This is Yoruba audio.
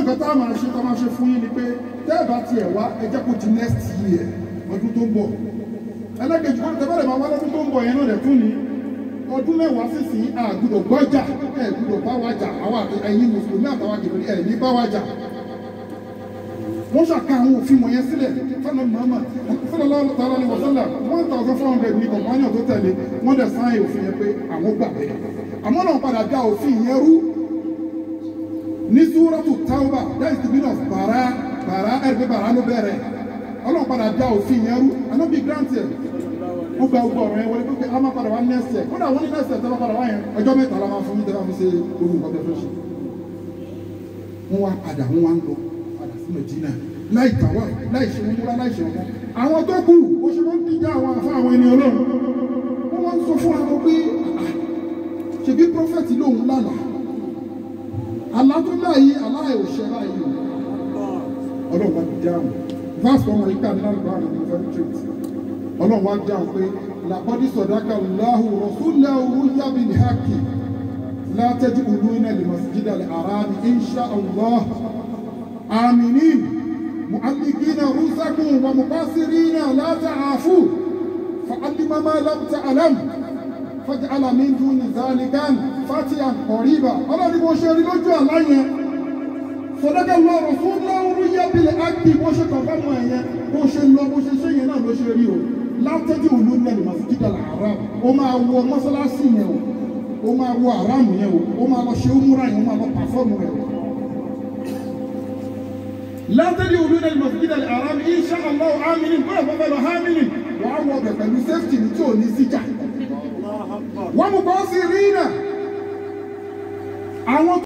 nǹkan tá a máa ṣe tá a máa ṣe fún yín ni pé tẹ́ ẹ̀ bá tiẹ̀ wá ẹ jẹ́ kó ti next year ọdún tó ń bọ̀ ẹlẹ́gẹ̀ẹ́jì kọ́ni tẹ́fẹ́ rẹ̀ máa wá lọ́dún tó ń bọ̀ yẹn náà rẹ̀ fún ni ọdún mẹ́wàá sísìn àgùdọ̀ gbọ́jà ẹ̀gùdọ̀ bá wa jà àwọn ẹ̀yin mùsùlùmí àtàwọn àgbègbè ẹ̀ní bá wa jà wọ́n ṣàka àwọn òfin wọ̀nyẹn sílẹ̀ fẹ́lẹ̀ mọ́mọ́ one thousand four hundred ní kọ̀mọ́nyàn tó tẹ̀lé wọ́n dẹ̀ sáyẹn òfin yẹn pé àwọn gbà bẹ́ẹ̀ àmọ́ náà padà dá òfin yẹn rú ní súwúrọ́tù táwùbà that is the meaning of bàrà bàrà ẹ̀rẹ́ bàrà ló bẹ̀rẹ̀ ọlọ́run padà dá òfin yẹn rú anábì grant yẹn ó gba gbogbo ọ̀rọ̀ yẹn wọlé pé a máa padà wá next year kódà wọ́n ní next year tẹ́lẹ̀ padà wá yẹn ọjọ́ mẹ́ta la máa fún mi tẹ́lẹ̀ fi ṣe orí nǹkan tó fẹ́ ṣe. wọ́n wá padà wọ́n wá ń lọ padà sí Mẹ̀dínà láì tàwa láì ṣe múra láì ṣe ọmọ àwọn tó kù bó ṣe wọ́n díjà àwọn àfa àwọn ènìyàn ọlọ́run wọ́n wá ń sọ fún wa pé ah, ah, ṣèbí prọfẹ̀tì lòun lánàá alákọ̀ọ́lá yìí aláìwò ṣẹlá yìí ọlọ́run wá dáhùn verse one wọn ìka nínú àlùbáàmù ní very strict ọlọ́run wá dáhùn pé làkọ́dí sọ̀dáka láhùn rọ̀súnlẹ̀ òwúyá mi ní hákì látẹ́jú olú iná lè mọ̀síjídà lè ara ní insha allah aminin mu'allikina rusakum wa mubasirina la ta'afu fa'allima ma lam ta'lam faj'ala duni zalikan fati àkọ̀ríbà ọlọ́ni mo ṣe rí lójú àlá yẹn sọdọ́kẹ́ lọ́rọ̀ fún lọ́rú yẹ́bílẹ̀ ágbì bó ṣe kàn fáwọn ẹ̀yẹn bó ṣe lọ bó ṣe ṣe yẹn náà ló ṣe rí o látẹ́jú òlú mẹ́rin màsíjídà làárá o máa wọ mọ́sálásí yẹn o o máa wọ àrámù yẹn o o máa lọ ṣe umura yẹn o máa lọ pàfọ́ọ̀mù rẹ̀ látẹ́jú òlú mẹ́rin màsíjídà làárá mi insha Allah amini bóyá bàbá lọ hámìnì wàá wọ bẹ̀ pẹ̀lú safety ní I want.